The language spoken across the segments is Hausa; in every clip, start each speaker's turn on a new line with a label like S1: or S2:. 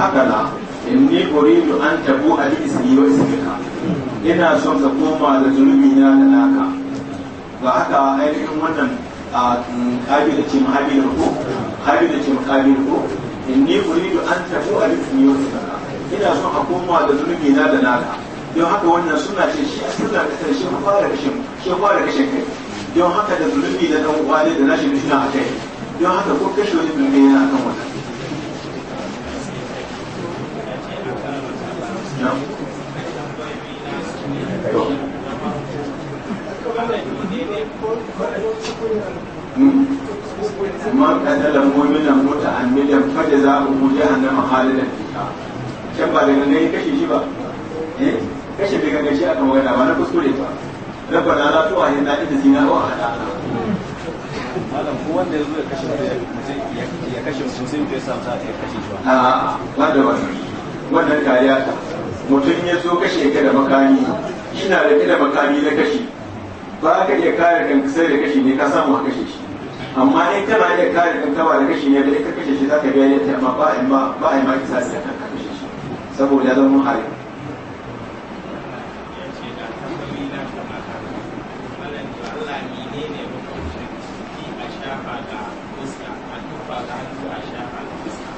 S1: haka na inni uridu an tabu a ismi wa ismika ina son ka koma da zunubi na da naka ga haka ainihin wannan a kabi mm, da ce mahabi ko kabi da ce makabi ko inni uridu an tabu a ismi wa ismika ina son ka koma da zunubi na da naka don haka wannan suna ce shi suna kasar shi fara kashin shi fara kashin kai don haka da zunubi da dan uwa da nashi mutuna a kai don haka ko kashe wani bilmai na kan wannan ce za a jazaa'uhu a halin da ke ba daga ne kashe shi ba eh kashe daga ne shi aka magana ba na kuskure ba na rabbana la tu'ahinna inda zina wa hada malam ko wanda ya zo ya kashe ya kashe mutum sai ya samu za ya kashe shi ba a ba da wani wannan kariya ta mutum ya zo kashe ka da makami ina da da makami na kashe ba ka iya kare kanka sai da kashe ne ka samu a kashe shi amma in kana da kare kan kawa da kashi ne da ka kashe shi za ka biya ne ta amma ba in ma ba in ma kisa sai ka kashe shi saboda zan mun hari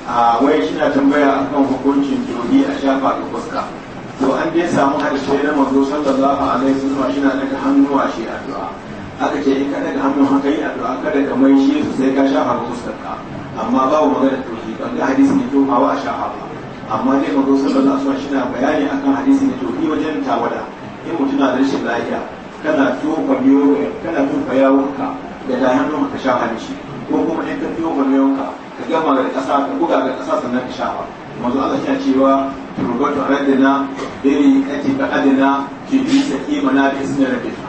S2: a wai shi na tambaya a kan hukuncin dogi a shafa
S1: ga fuska to an dai samu harshe na manzo sallallahu alaihi wasallam shi na daga hannuwa shi addu'a ka da kamar shi su sai ka shafa fuskar ka amma babu magana kan ga hadisi ne to hawa a shafa amma dai mazo sallallahu suwa shi na bayani akan hadisi ne tauhid wajen tawada in mutum na da rashin lafiya kana tofa miyo kana tofa yawonka da da hannu ka sha da ko kuma in ka wa miyonka ka gama ga ƙasa ka buga ga kasa sannan ka shafa manzo Allah ya cewa turbatu aradina biri ati ba adina fi bisa imana bi ismi rabbika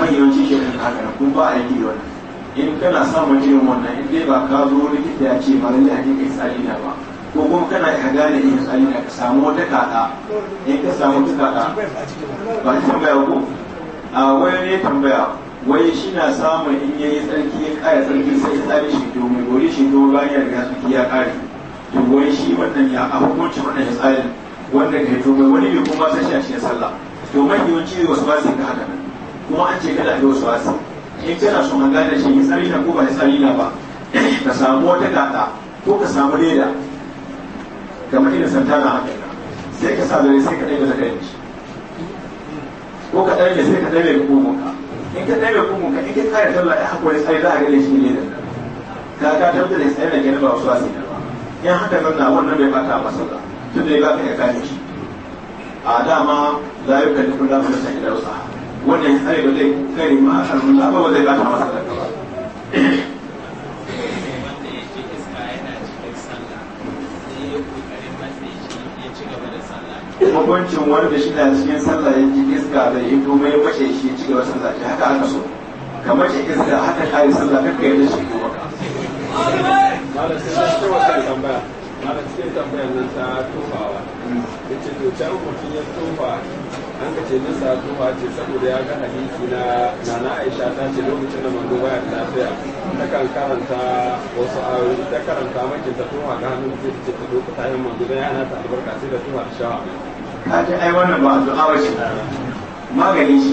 S1: mai shi kan haka kun ba a yi wannan in kana samun irin wannan in dai ba ka zo likita ya ce ba lalle hake kai da ba ko kuma kana ka gane in tsari da ka samu wata kaɗa in ka samu wata kaɗa ba ta tambaya ko a wani ne tambaya wai shi na samun in yayi tsarki ya kare tsarki sai tsari shi domin gori shi domin ba ya riga tsarki ya kare to wai shi wannan ya a hukunci wannan ya tsarin wanda ka yi domin wani bai kuma sai shi a cikin sallah to mai yawanci wasu ba su yi haka nan kuma an ce kada yau wasu wasu in kana son an gane shi tsari na ko ba tsari na ba ka samu wata gata ko ka samu leda kamar irin santana haka sai ka sa sai ka daina da kai ko ka daina sai ka ɗaya da ka in ka ɗaya da ka in ka kare talla ya haƙuri tsari za a gane shi leda ka ka tabbata da tsari na kenan ba wasu wasu in haka nan na wannan bai bata masa ba tun da ya baka ya kare shi a dama da yukallifu la nafsan da wus'aha wanda ya tsare ba zai tsare ma a sharmun ba ba zai bata masa daga ba hukuncin wanda shi na cikin sallah ya ji iska bai yi kuma ya mace shi ya ci sallah ta haka aka so ka mace iska haka kare sallah kakka yadda shi ko baka cikin tambayar nan ta tofawa ya ce to can mutum ya tofa an ce nisa kuma ce saboda ya ga hadisi na nana aisha ta ce lokacin da manzo baya da lafiya ta kan karanta wasu ayoyi ta karanta makin ta tuma ga hannun ce ce ta doka ta yin manzo ya na ta albarka sai da tuma da shawa ka ce ai wannan ba addu'a awa shi magani shi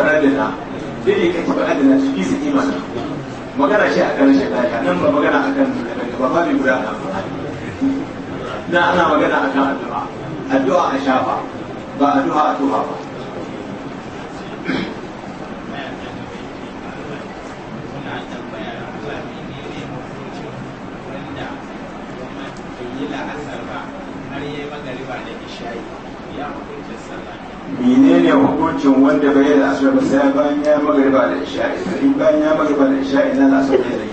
S1: na dina dai ka ci ba adana su bisa imana magana ce a kan shekara nan ba magana a kan ba ba mai guda na ana magana a kan addu'a
S2: addu'a a shafa ba a duha a duha ba menene hukuncin wanda bai yi da asar ba sai
S1: bayan ya magariba da isha'i sai bayan ya magariba da isha'i na asar ne zai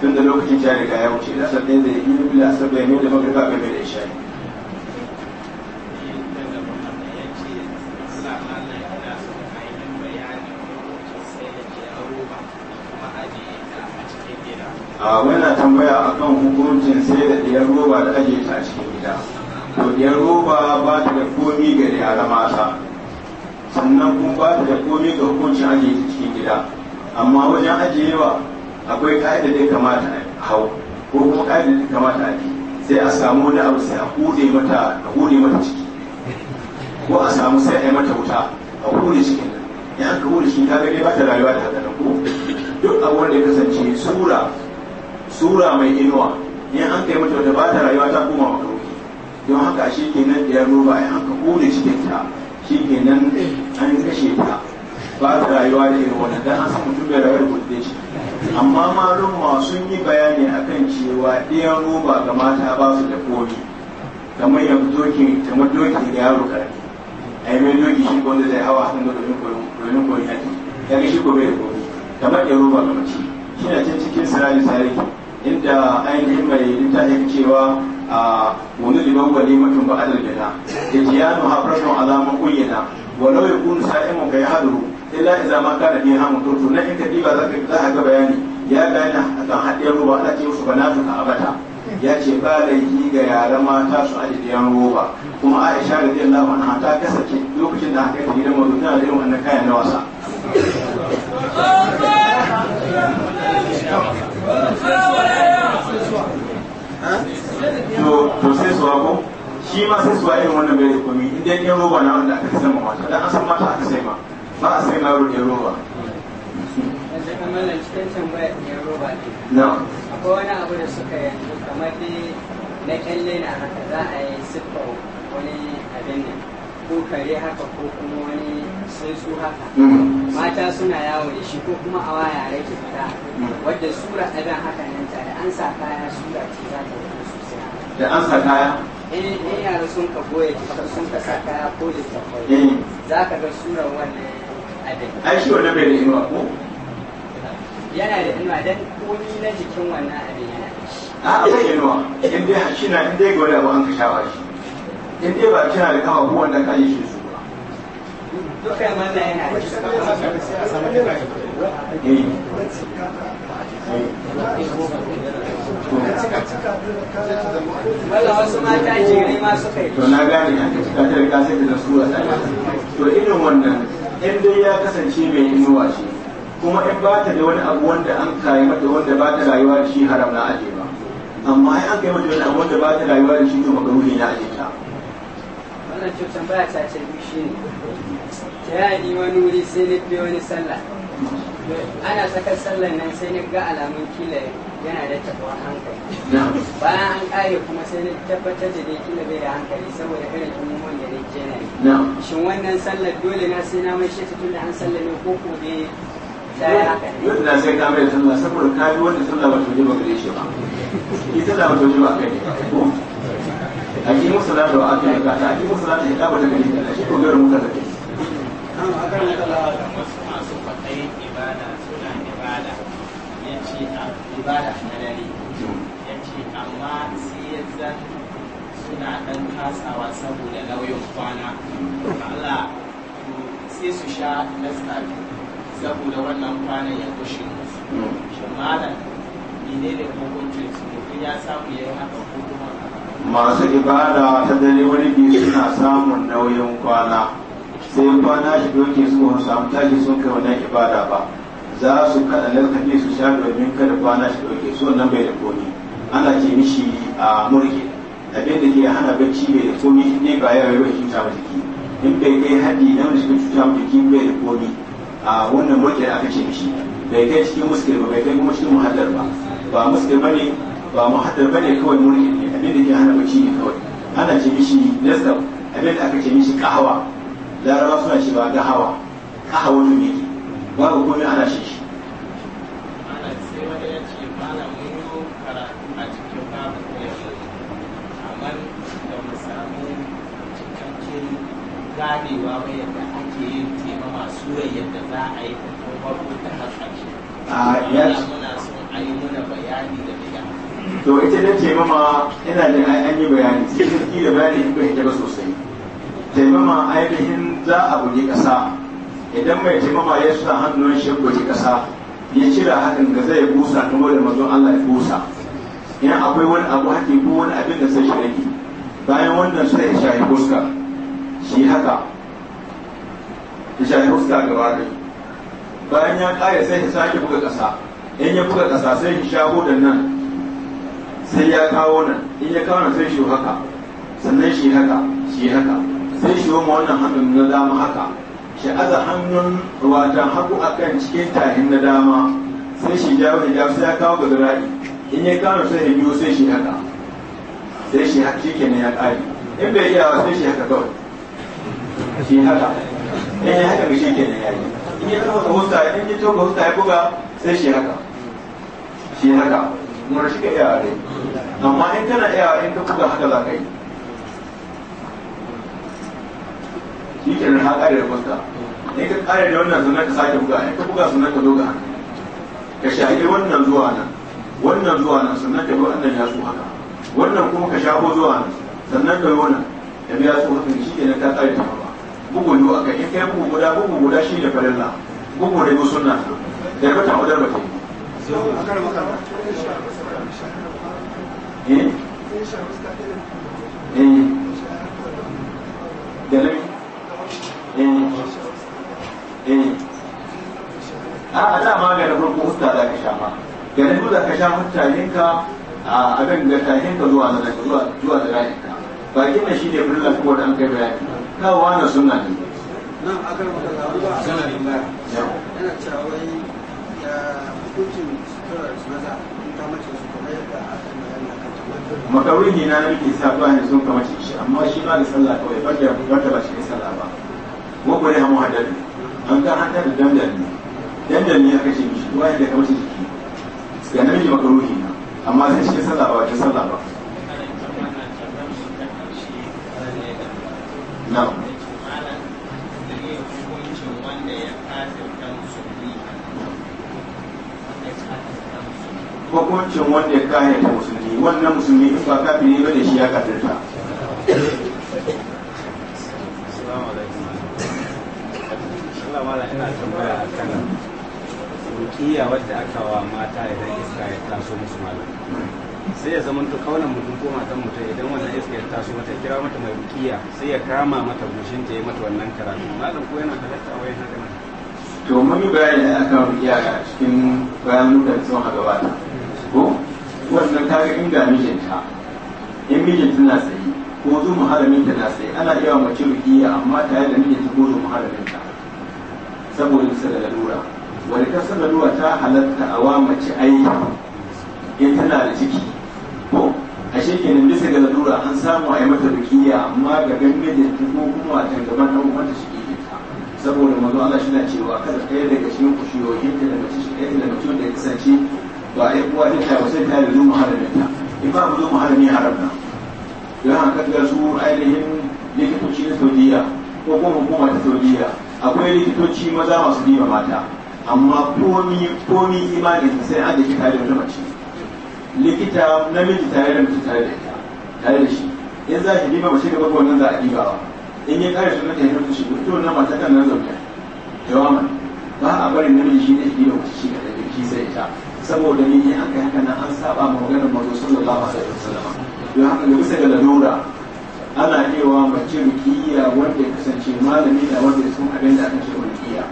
S1: tun da lokacin ta riga ya wuce da asar ne zai yi da asar bai ne da magariba bai da isha'i a wannan tambaya akan hukuncin sai da diyar roba da aje ta cikin gida to diyar roba ba ta da komi ga yara mata sannan kuma ba ta da komi ga hukuncin ajiye ta cikin gida amma wajen ajiyewa akwai ka'ida da ya kamata a hau ko kuma ka'ida da ya kamata a bi sai a samu wani abu sai a hude mata a hude mata ciki ko a samu sai a yi mata wuta a hude cikin ya ka hude cikin ta gani ba ta rayuwa da haka ko duk abubuwan da ya kasance sura sura mai inuwa in an kai mata wata bata rayuwa ta koma makaruki don haka shi nan da ya roba ai an ka kone shi ta shi nan an kashe ta ba ta rayuwa da irin wannan an san mutum da rayuwa da shi amma malum ma sun yi bayani akan cewa ɗaya roba ga mata ba su da komi kamar yanzu doki kamar madoki da yaro a ai mai doki shi wanda zai hawa hannu domin domin kori yaki ya ga shi ko bai da komi kamar ya roba ga mace shi na can cikin sirari sarari inda ainihin mai littafin cewa a wani liban gwani mutum ba da gida yano jiyanu hafrafin alama kuyyana walau ya kunu sa'imun kai haduru illa in ma kana fi hamu turtu na in kadi ba za ka ga bayani ya a kan haɗe ruwa ana ce musu ka abata ya ce ba laifi ga yaran mata su ajiyar roba kuma aisha radiyallahu a ta kasance lokacin da aka yi da mazuta da irin wannan kayan na wasa shi ma sai suwa irin wannan bai da komi in dai ɗan roba na wanda aka sai ma mata dan an san mata aka sai ma ba a sai ma yaro ɗan roba
S2: na akwai wani abu da suka yanzu kamar dai na kyalle na haka za a yi siffa wani abin nan ko kare haka ko kuma wani sai su haka mm. mata suna yawo da shi ko kuma a waya rage fita mm. wadda sura ɗagan haka nan tare an sa kaya sura ce za ta wani sosai da an sa kaya in sun ka goye sun ka sa kaya ko littattafai eh. za ka ga wannan ai shi wannan bai da inuwa ko yana da inuwa dan komi na jikin wannan abin yana
S1: da shi a inuwa in dai shi na in dai gole abu an ka shawa shi in dai ba kina da kama buwan da kan yi shi su
S2: ba yana da wanda wasu mata jere ma suka yi to na gane
S1: ya ka cika ta rika sai ka sura ta to irin wannan in dai ya kasance mai inuwa shi kuma in ba ta da wani abu wanda an kayi mata wanda ba ta rayuwa da shi haram na aje ba amma in an kai mata wani abu wanda ba ta rayuwa da shi to makaruri na aje ta
S2: wannan cutar baya ta ce shi ne ta yi wani wuri sai na biyo wani sallah ana saka sallar nan sai na ga alamun kila yana da tabuwar hankali bayan an kare kuma sai na tabbatar da dai kila bai da hankali saboda karin mun da ne ke nan shin wannan sallar dole na sai na mai shi tun da an sallar ne ko ko dai
S1: Dole na sai kamar da sallah saboda ka yi wanda sun ba ta wuce ba gare shi ba ki sallah ba ta wuce ba kai ko a ki musu da wa aka yi ka ta a ki musu da ta ka ba ta gare shi ko garin muka
S2: da kai matsayin ibada suna ibada ya ce a ah, ibada na dare ya ce amma sai ya zan suna ɗan kasawa saboda nauyin kwana Allah sai su sha nasta saboda wannan kwanan ya kushe musu shi malam menene hukuncin su mutum ya samu ya yi haka ko kuma
S1: masu ibada ta dare wani biyu suna samun nauyin kwana sai kwana shi doke su wani samu tashi sun kai wannan ibada ba za su kada lalkafi su sha domin kada kwana shi doke su wannan bai da komi ana ce mishi a murke abin da ke hana bacci bai da komi shi ne ba yawai bai cuta ba jiki in bai kai haɗi na wani cikin cuta ba jiki bai da komi a wannan murke da aka ce mishi bai kai cikin muskil ba bai kai kuma cikin muhaddar ba ba muskil ba ne ba muhaddar ba ne kawai murke ne abin da ke hana bacci ne kawai ana ce mishi nasab abin da aka ce mishi kahawa laraba suna shi ba ga hawa a hawa ne ne babu komai ana shi shi
S2: ganewa ba yadda ake yin taimama surar yadda za a yi ta farko ta hasashe. A ah, yes. Muna son a yi muna bayani da biya.
S1: To ita da taimama ina da an yi bayani sai ta kila bayani in bai ba sosai. taimama ainihin za a buge ƙasa idan mai taimama ya sa hannun shi buge ƙasa ya cira hakan da zai busa kuma da mazon Allah ya busa in akwai wani abu haƙi ko wani abin da sai shi bayan wannan sai ya shahi fuska shi haka ya shayi fuska gaba da bayan ya ƙare sai ya sake buga ƙasa in ya buga ƙasa sai ya shago da nan sai ya kawo nan in ya kawo nan sai shi haka sannan shi haka shi haka sai shi yi wannan hannun na dama haka shi aza hannun haku a akan cikin tahin na dama sai shi jawo hijab sai ya kawo ga zira'i in ya kawo sai ya biyo sai shi haka sai shi haka shi kenan ya kare in bai iya sai shi haka kawai shi haka in ya haka shi kenan ya yi in ya kawo ga husta in ya toka husta ya buga sai shi haka shi haka mura shi ka iya dai amma in kana iya in ka buga haka za ka yi shi ke nan haƙari da kwasta in ka ƙare da wannan sannan ka sake buga in ka buga sannan ka zo ga hannu ka shaƙi wannan zuwa nan wannan zuwa nan sannan ka bi wannan ya su haka wannan kuma ka shaƙo zuwa nan sannan ka yi wannan ya biya su haka shi ke nan ka ƙare ta ba bugu yi a kai in ka yi bugu guda bugu guda shi ne farilla bugu da yi sunna da ka tawo da ba ta yi. Eh? Eh? Da A'a, eh. eh. dama ga da farko husta za ka sha ma ga da da ka sha hutayenka a abin da ka zuwa da zuwa zuwa da ne ko da kai bayani na sunna ne
S2: ba yana cewa wai ya hukuncin maza in mace su kamar
S1: aka na nake sa ba ne sun kamace shi amma shi ba da sallah kawai ba da ba ba shi makwari hamu haddada an ka haddada dandan ne dandan ne aka ce mishi ruwa da kamar jiki ga namiji na amma sai shi sallah ba wajen sallah ba na hukuncin wanda ya kayan musulmi wannan musulmi ba kafin ne ba da shi ya kafirta
S2: ina tambaya rukiya wadda aka wa mata idan iska ya taso musu malam sai ya zamanto kaunan mutum ko matan mutum idan wannan iska ya taso mata kira mata mai rukiya
S1: sai ya kama mata gushin ta yi mata wannan karatu malam ko yana halatta wai haka nan to mun bayani akan rukiya cikin bayan da sun ha gabata ko wannan kaga inda mijinta in mijinta na sayi ko zuwa mahalamin ta na sayi ana iya mace rukiya amma tare da mijinta ko zuwa mahalamin saboda bisa da lalura wani kasar lalura ta halatta a wa mace aiki in tana da ciki ko a shekinin bisa ga lalura an samu a yi mata rikiya amma ga da ta ko kuma a tangaban ɗan uwanta shi ke saboda mazu ala shi na cewa kada ɗaya daga cikin kushiyoyin ta da mace shi ɗaya da mutum da ya kasance ba a yi kuwa ta ta ba sai ta yi zuwa haramin ta mu zuwa harami haramna don haka ga su ainihin likitoci na saudiya ko kuma hukuma ta saudiya akwai likitoci maza masu nima mata amma komi komi imanin sai an da shi tare da mace likita namiji tare da mutum tare da ita tare da shi in za shi nima mace gaba nan za a ba in yi kare sunan ta yi shi mutu na mata kan nan zauta jawaman ba a bari namiji shi ne shi da mace shi kadai shi sai ita saboda ni in an kai haka nan an saba ma maganar manzo sallallahu alaihi wasallam don haka da bisa ga lalura ana cewa mace rukiya wanda ya kasance malami da wanda ya san abin da aka ce rukiya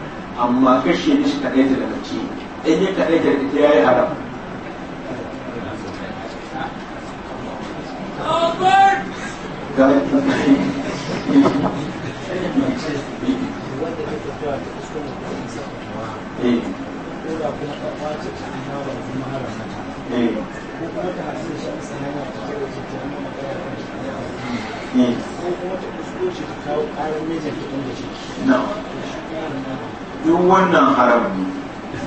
S1: amma kashe ne shi kaɗai da mace in ya kaɗai da ita ya yi haram
S2: ko kuma ta kusko ce ta kawo ƙarar mijin ta inda ce
S1: duk wannan haram ne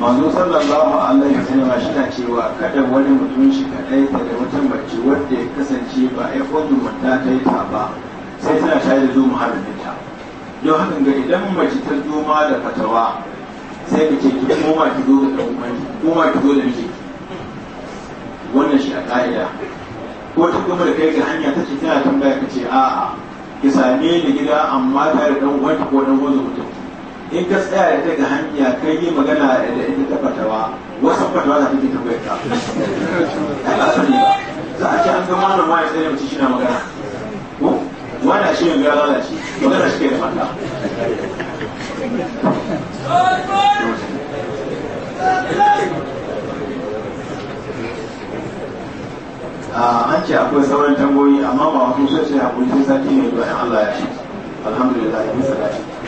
S1: manzo sallallahu alaihi wasallam shi na cewa kada wani mutum shi kadai da wata mace wadda ya kasance ba ai kodin mata ta yi ta ba sai tana shayar da zo muharramin ta don haka ga idan mace ta zo ma da fatawa sai ka ce kuma koma ki zo da ɗan ki zo da miji wannan shi a ƙa'ida ko duk kuma da kai ga hanya ta cikin tana tambaya ka ce a'a ki same ni gida amma ta da dan wani ko dan wani mutum in ka tsaya da ta ga hanya kai yi magana da ita ta fatawa wasu fatawa za ta ke ta ka ne za a ce an ga malam wani tsaye ci shi na magana ko wani shi yin gara lalace magana shi ke da mata Thank
S2: you. an ce akwai sauran tangoyi amma ba wasu sai hakuri sai sati ne don Allah ya shi alhamdulillah ya